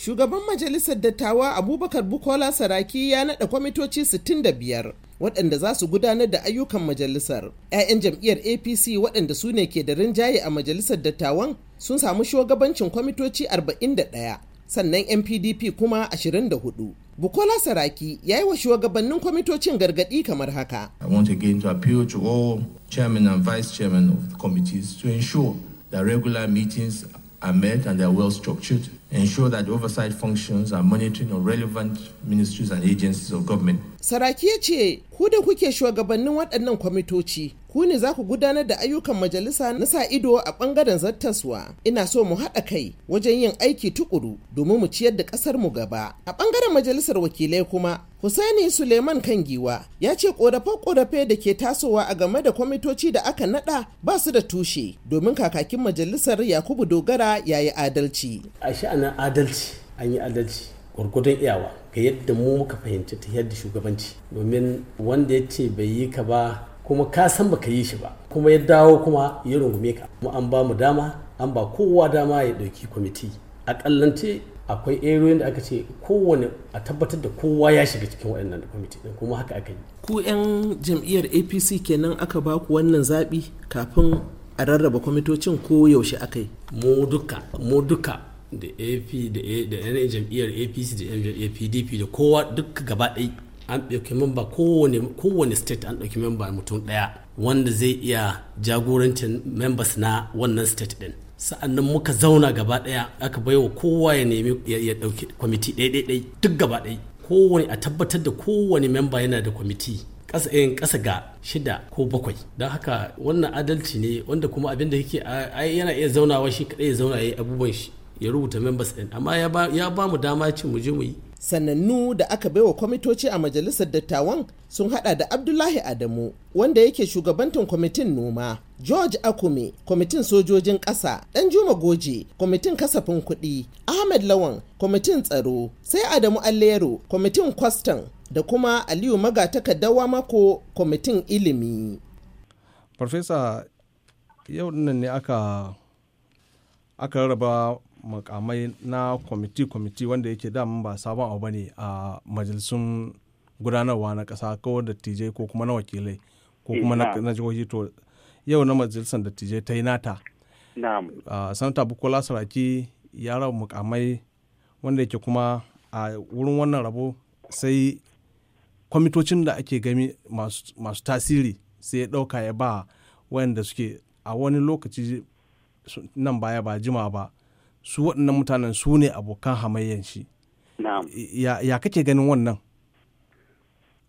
Shugaban Majalisar Dattawa Abubakar Bukola Saraki ya naɗa kwamitoci 65 waɗanda za su gudanar da ayyukan majalisar. 'Ya'yan jam'iyyar APC waɗanda su ne ke da rinjaye a majalisar dattawan sun samu shugabancin kwamitoci 41 sannan NPDP kuma 24. Bukola Saraki ya yi wa shugabannin kwamitocin gargaɗi kamar haka. I want again to appeal to all the that regular meetings are met and they are well structured. ensure that oversight functions are monitoring of relevant ministries and agencies of government. Saraki ya ce, ku da kuke shugabannin waɗannan kwamitoci, ku ne za ku gudanar da ayyukan majalisa na sa ido a bangaren zattaswa ina so mu haɗa kai wajen yin aiki tukuru domin mu ciyar da ƙasar mu gaba a bangaren majalisar wakilai kuma Husaini Suleiman Kangiwa ya ce korafe-korafe da ke tasowa a game da kwamitoci da aka nada ba su da tushe domin kakakin majalisar Yakubu Dogara ya yi adalci. A sha'anin adalci an yi adalci gwargwadon iyawa ga yadda mu muka fahimci ta yadda shugabanci domin wanda ya ce bai yi ka ba kuma ka san baka yi shi ba kuma ya dawo kuma ya rungume ka kuma an ba mu dama an ba kowa dama ya ɗauki kwamiti a ƙallance akwai eroyin da aka ce kowane a tabbatar da kowa ya shiga cikin waɗannan kwamiti ɗin kuma haka aka yi ku 'yan jam'iyyar apc kenan aka ba ku wannan zaɓi kafin a rarraba kwamitocin ko yaushe aka yi mu duka mu duka da ap da yanayin jam'iyyar apc da yan pdp da kowa duka gaba ɗaya an ɗauki memba kowane state an ɗauki memba mutum ɗaya wanda zai iya jagorancin members na wannan state ɗin sa'annan muka zauna gaba ɗaya aka baiwa kowa ya nemi ya ɗauki kwamiti ɗaiɗaiɗai duk gaba ɗai kowane a tabbatar da kowane memba yana da kwamiti ƙasa yin eh, ƙasa ga shida ko bakwai don haka wannan adalci ne wanda kuma abin da yake yana iya zaunawa shi kaɗai ya zauna ya yi abubuwan shi ya rubuta members ɗin amma ya ba mu dama ce mu je mu yi sanannu da aka bai wa kwamitoci a majalisar dattawan sun hada da abdullahi adamu wanda yake shugabantan kwamitin noma george akume kwamitin sojojin ƙasa dan juma goje kwamitin kasafin kuɗi ahmed lawan kwamitin tsaro sai adamu allero kwamitin kwastan da kuma aliyu magatakardawa mako kwamitin ilimi farfesa yau nan ne aka rarraba makamai na kwamiti-kwamiti wanda yake damun ba sabon abu ne a majalisun gudanarwa na ƙasa ko dattijai ko kuma na wakilai ko kuma na eh, jihohi to yau na majalisar dattijai ta yi nata sanata bukola saraki ya raba mukamai wanda yake kuma a wurin wannan rabo sai kwamitocin da ake gami masu tasiri sai ya ɗauka ya ba wayanda suke a wani lokaci nan baya ba jima ba su waɗannan mutanen su ne abokan hamayyan shi ya kake ganin wannan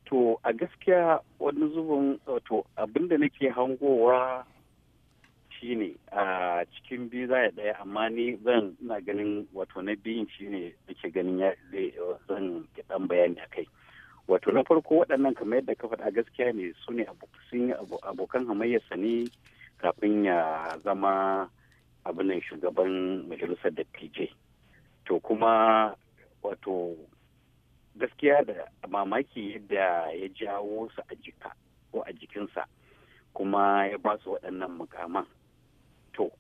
to a gaskiya wani zubin to abinda nake hangowa shi ne a cikin biyu za ya ɗaya amma ni zan na ganin wato na biyun shi shine nake ganin ya zan ɗan bayani a kai wato na farko waɗannan kamar yadda ka faɗa gaskiya ne su ne abokan hamayyarsa ne kafin ya zama abinan shugaban majalisar dattijai to kuma wato gaskiya da mamaki yadda ya jawo su a jika ko a jikinsa kuma ya ba su waɗannan mukaman to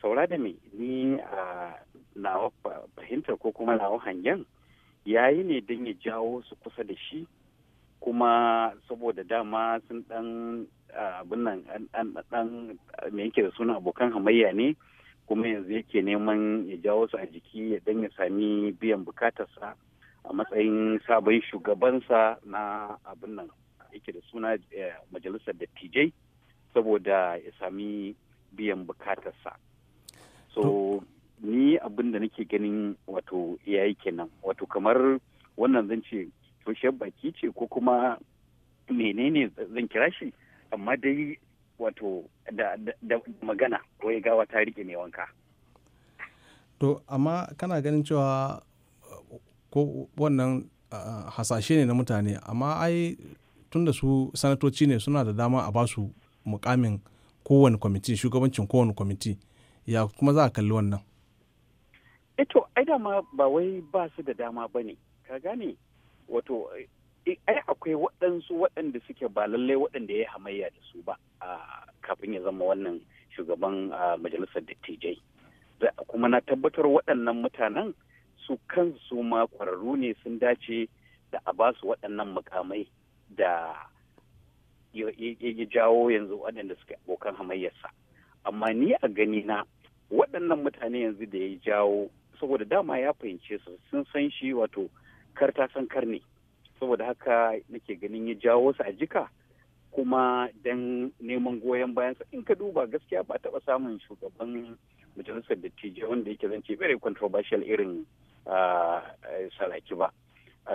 saura da me ni a nawa fahimtar ko kuma nawa hangen ya yi ne don ya jawo su kusa da shi kuma saboda dama sun dan abin nan ɗan me yake da suna abokan hamayya ne kuma yanzu yake neman ya jawo su a jiki ya dan ya sami biyan bukatarsa a matsayin sabon shugabansa na abin nan yake da suna eh, majalisar dattijai saboda ya sami biyan bukatarsa so ni abin da nake ganin wato yi kenan wato kamar wannan zan ce toshiyar baki ce ko kuma menene zan kira shi amma dai wato da, magana ko ya gawa ta rike mai wanka to amma kana ganin cewa ko wannan hasashe ne na mutane amma ai tunda su sanatoci ne suna da dama a basu mukamin kowane kwamiti shugabancin kowane kwamiti ya kuma za a kalli wannan eto eh ai dama ba wai ba su da dama ba ne ka gane wato Eh, ai akwai waɗansu waɗanda suke ba lallai waɗanda ya hamayya da su ba kafin ya zama wannan shugaban majalisar dattijai kuma na tabbatar waɗannan mutanen su kansu ma kwararru ne sun dace da a ba su waɗannan mukamai da ya jawo yanzu waɗanda suke abokan hamayyarsa amma ni a gani na waɗannan mutane yanzu da ya jawo saboda dama ya fahimce su sun san shi wato kar ta san kar ne saboda haka nake ganin ya jawo su a jika kuma don neman goyon bayansa in ka duba gaskiya ba taɓa samun shugaban majalisar dattijai wanda yake zance very controversial irin salaki ba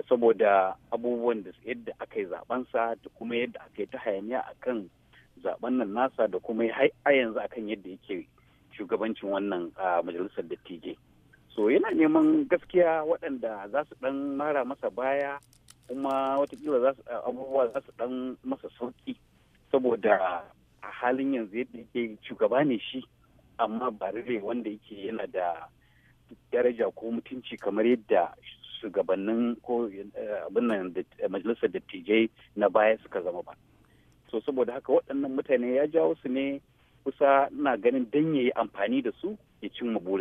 saboda abubuwan da yadda aka yi zabansa da kuma yadda aka yi ta hayaniya akan zaben nan nasa da kuma a yanzu akan yadda yake shugabancin wannan majalisar dattijai so yana neman gaskiya waɗanda za su ɗan mara masa baya kuma watakila za su eh, abubuwa za su dan masa sauki saboda a halin yanzu yadda yake shugaba ne shi amma ba rire wanda yake yana da daraja ko mutunci kamar yadda shugabannin ko eh, abin nan eh, majalisar dattijai na baya suka zama ba so saboda haka waɗannan mutane ya jawo su ne kusa na ganin dan yayi amfani da su ya cin burin